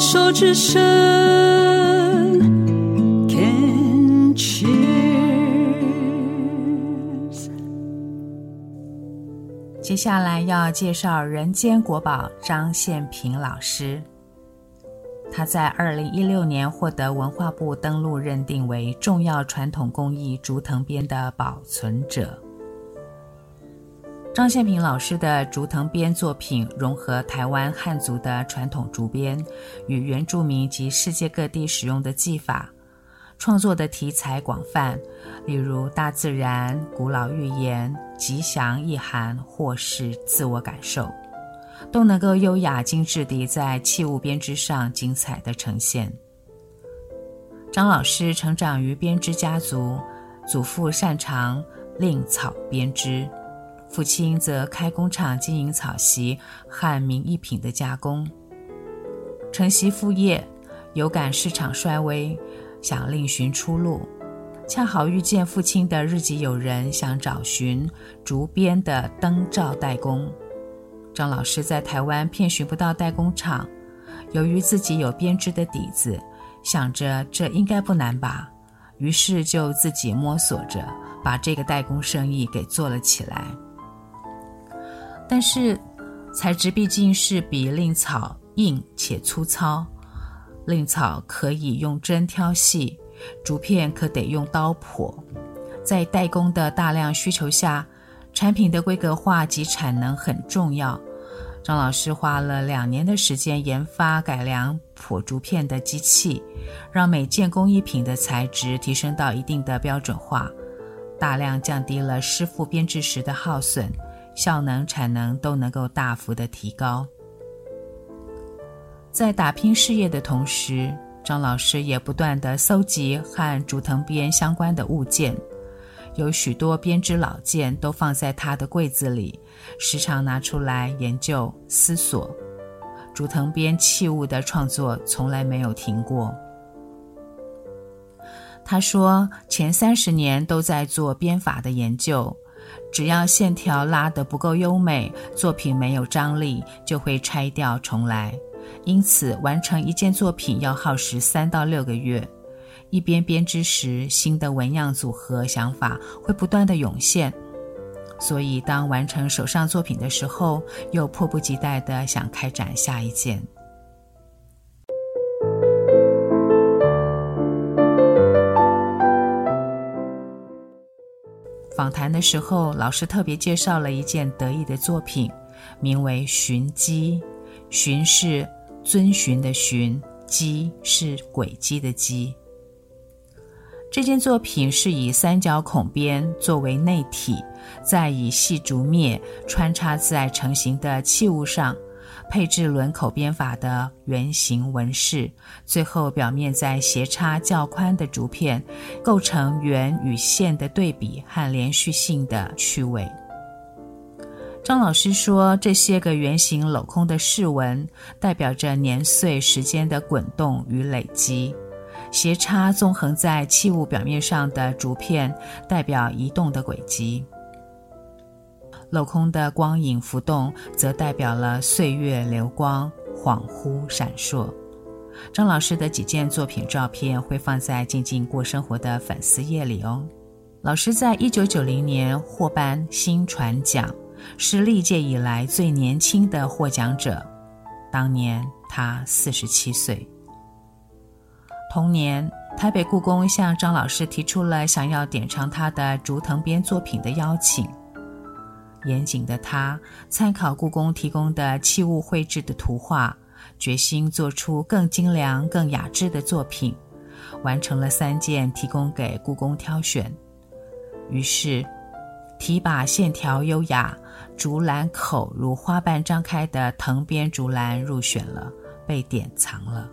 手之聲，can c h 接下來要介紹人間國寶張憲平老師，他在二零一六年獲得文化部登錄認定為重要傳統工藝竹藤編的保存者。張憲平老師的竹藤編作品融合台灣漢族的傳統竹編與原住民及世界各地使用的技法，創作的題材廣泛，例如大自然、古老寓言、吉祥意涵或是自我感受，都能夠優雅精致地在器物編織上精彩地呈現。張老師成長於編織家族，祖父擅長藺草編織。父親則開工廠經營草席和名藝品的加工。承襲副業，有感市場衰微，想另尋出路，恰好遇見父親的日籍友人想找尋竹編的燈罩代工。張老師在台灣遍尋不到代工廠，由於自己有編織的底子，想着這應該不難吧，於是就自己摸索着把這個代工生意給做了起來。但是，材質畢竟是比藺草硬且粗糙，藺草可以用針挑細，竹片可得用刀剖。在代工的大量需求下，產品的規格化及產能很重要。張老師花了兩年的時間研發改良破竹片的機器，讓每件工藝品的材質提升到一定的標準化，大量降低了師傅編製時的耗損。效能、產能都能夠大幅的提高。在打拼事業的同時，張老師也不斷的搜集和竹藤編相關的物件，有許多編織老件都放在他的櫃子裡，時常拿出來研究、思索。竹藤編器物的創作從來沒有停過。他說：“前三十年都在做編法的研究。”只要線條拉得不夠優美，作品沒有張力，就會拆掉重來。因此，完成一件作品要耗時三到六個月。一邊編織時，新的紋樣組合想法會不斷的湧現。所以，當完成手上作品的時候，又迫不及待地想開展下一件。訪談的時候，老師特別介紹了一件得意的作品，名為“循跡”。循是遵循的循，跡是軌跡的跡。這件作品是以三角孔編作為內體，再以細竹篾穿插在成型的器物上。配置輪口編法的圓形紋飾，最後表面再斜插較寬的竹片，構成圓與線的對比和連續性的趣味。張老師說，這些個圓形鏤空的飾紋代表着年歲時間的滾動與累積，斜插縱橫在器物表面上的竹片代表移動的軌跡。鏤空的光影浮動，則代表了歲月流光恍惚閃爍。張老師的幾件作品照片會放在“靜靜過生活”的粉絲頁裡哦。老師在一九九零年獲頒薪傳獎，是歷屆以來最年輕的獲獎者。當年他四十七歲。同年，台北故宮向張老師提出了想要典藏他的竹藤編作品的邀請。嚴謹的他，參考故宮提供的器物繪制的圖畫，決心做出更精良、更雅致的作品，完成了三件提供給故宮挑選。於是，提把線條優雅、竹籃口如花瓣張開的藤編竹籃入選了，被典藏了。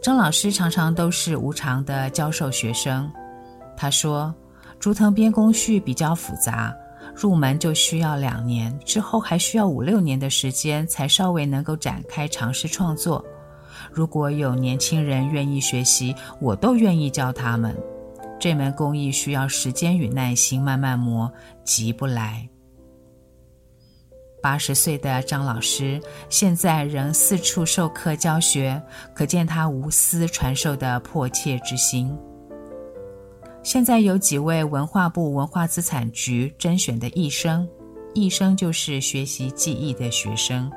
張老師常常都是無償地教授學生。他說，竹藤編工序比較複雜，入門就需要兩年，之後還需要五六年的時間才稍微能夠展開嘗試創作。如果有年輕人願意學習，我都願意教他們。這門工藝需要時間與耐心，慢慢磨，急不來。八十歲的張老師現在仍四處授課教學，可見他無私傳授的迫切之心。現在有幾位文化部文化資產局甄選的藝生，藝生就是學習技藝的學生，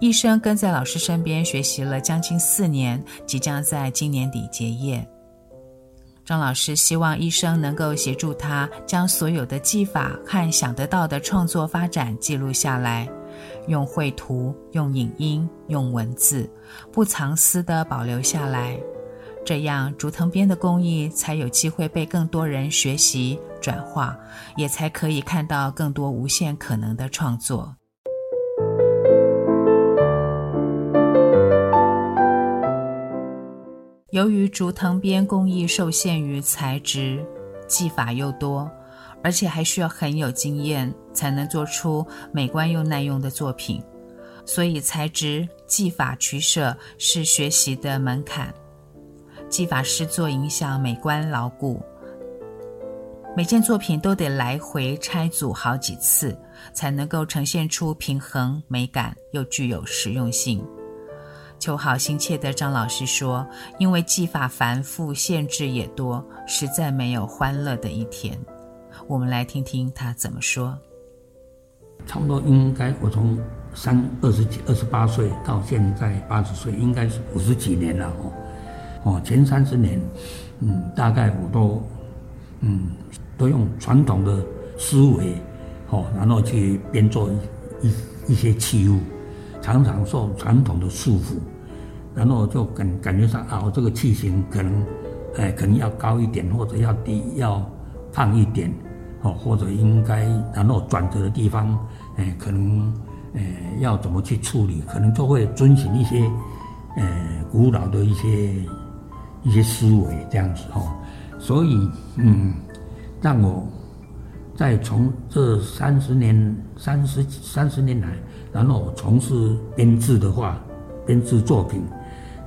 藝生跟在老師身邊學習了將近四年，即將在今年底結業。張老師希望醫生能夠協助他，將所有的技法和想得到的創作發展記錄下來，用繪圖、用影音、用文字，不藏私的保留下來。這樣，竹藤編的工藝才有機會被更多人學習、轉化，也才可以看到更多無限可能的創作。由於竹藤編工藝受限於材質，技法又多，而且還需要很有經驗才能做出美觀又耐用的作品，所以材質、技法取捨是學習的門檻。技法施作影響美觀牢固，每件作品都得來回拆組好幾次，才能夠呈現出平衡美感又具有實用性。求好心切的張老師說：“因為技法繁複，限制也多，實在沒有歡樂的一天。”我們來聽聽他怎麼說。差不多應該，我從三二十幾、二十八歲到現在八十歲，應該是五十幾年了。哦，哦，前三十年，嗯，大概我都，嗯，都用傳統的思維，哦，然後去編做一一些器物。常常受傳統的束縛，然後就感感覺上啊，我這個器型可能，哎、呃，可能要高一點，或者要低，要胖一點，哦，或者應該，然後轉折的地方，哎、呃，可能，哎、呃，要怎麼去處理，可能就會遵循一些，呃，古老的一些一些思維這樣子哦，所以，嗯，讓我在從這三十年、三十、三十年來。然後從事編制的話，編制作品，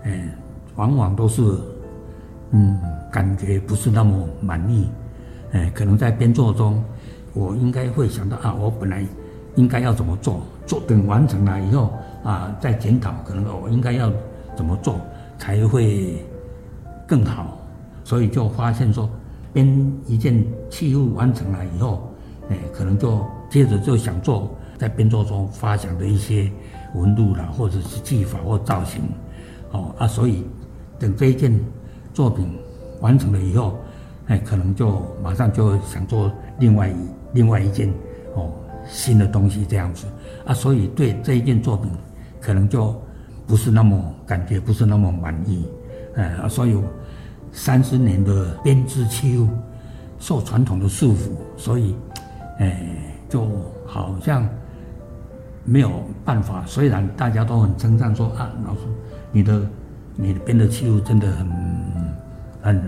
哎，往往都是，嗯，感覺不是那麼滿意，哎，可能在編作中，我應該會想到啊，我本來應該要怎麼做，做，等完成了以後啊，再檢討，可能我應該要怎麼做才會更好，所以就發現說，編一件器物完成了以後，哎，可能就接着就想做。在編作中發展的一些紋路啦，或者是技法或造型，哦啊，所以等這一件作品完成了以後，哎，可能就馬上就想做另外一另外一件哦新的東西這樣子啊，所以對這一件作品可能就不是那麼感覺不是那麼滿意，嗯、哎、啊，所以三十年的編織期，受傳統的束縛，所以哎就好像。沒有辦法，雖然大家都很稱讚說啊，老師，你的你邊的編的器物真的很很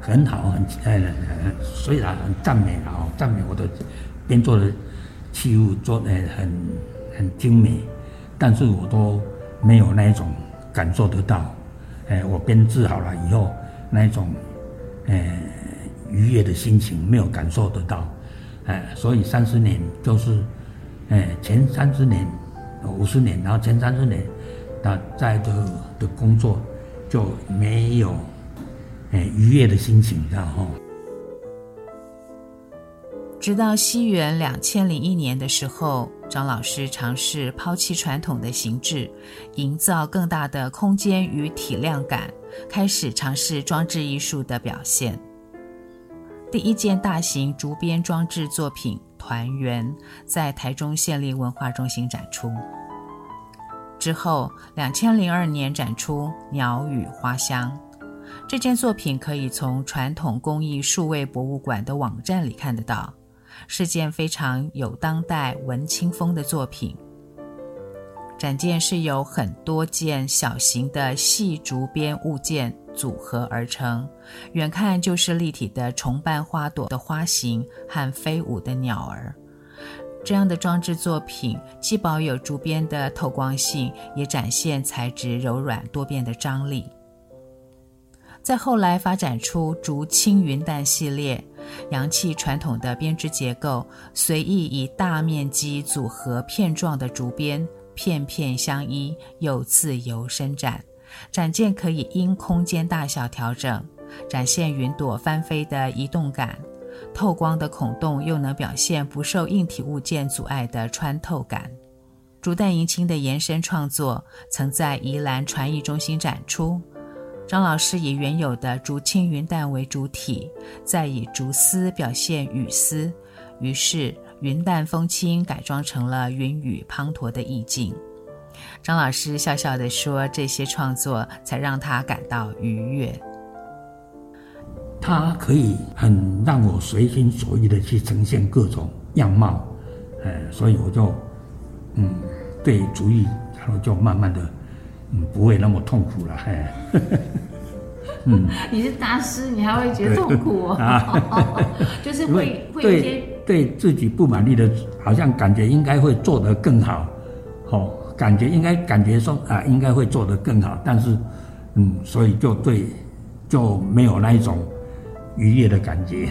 很好，很很很、呃，雖然很讚美啊、哦，讚美我的編做的器物做的、呃、很很精美，但是我都沒有那一種感受得到，哎、呃，我編製好了以後那一種呃愉悅的心情沒有感受得到，哎、呃，所以三十年就是。哎，前三十年、五十年，然後前三十年到在的的工作就沒有哎、嗯、愉悅的心情，然後直到西元兩千零一年的時候，張老師嘗試拋棄傳統的形制，營造更大的空間與體量感，開始嘗試裝置藝術的表現。第一件大型竹編裝置作品。團圓在台中縣立文化中心展出之後，兩千零二年展出《鳥語花香》這件作品，可以從傳統工藝數位博物館的網站裡看得到，是件非常有當代文青風的作品。展件是有很多件小型的細竹編物件。組合而成，遠看就是立體的重瓣花朵的花形和飛舞的鳥兒。這樣的裝置作品既保有竹編的透光性，也展現材質柔軟多變的張力。再後來發展出竹輕雲淡系列，揚棄傳統的編織結構，隨意以大面積組合片狀的竹編，片片相依又自由伸展。展件可以因空間大小調整，展現雲朵翻飛的移動感；透光的孔洞又能表現不受硬體物件阻礙的穿透感。竹淡銀青的延伸創作曾在宜蘭傳藝中心展出。張老師以原有的竹青雲淡為主體，再以竹絲表現雨絲，於是雲淡風輕改裝成了雲雨滂沱的意境。張老師笑笑地說：“這些創作才讓他感到愉悅。他可以很讓我隨心所欲地去呈現各種樣貌，呃、哎，所以我就，嗯，對主意，然後就慢慢地，嗯，不會那麼痛苦了。嘿、哎，嗯，你是大師，你還會覺得痛苦、啊、哦，就是會會有一些對，對自己不滿意的好像感覺，應該會做得更好，好、哦。”感覺應該感覺說啊，應該會做得更好，但是，嗯，所以就對，就沒有那一種愉悅的感覺。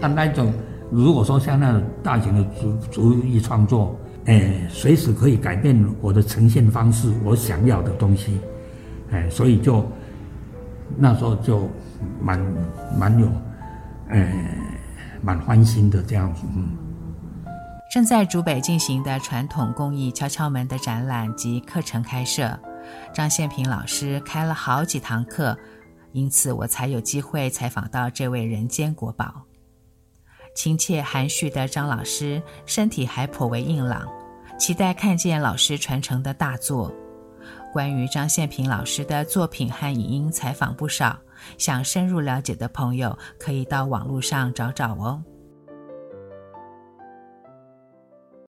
那那一種，如果說像那種大型的竹竹藝創作，哎，隨時可以改變我的呈現方式，我想要的東西，哎，所以就那時候就蠻蠻有，哎，蠻歡欣的這樣子。嗯正在竹北進行的傳統工藝“敲敲門”的展覽及課程開設，張憲平老師開了好幾堂課，因此我才有機會採訪到這位人間國寶。親切含蓄的張老師，身體還頗為硬朗，期待看見老師傳承的大作。關於張憲平老師的作品和影音採訪不少，想深入了解的朋友可以到網絡上找找哦。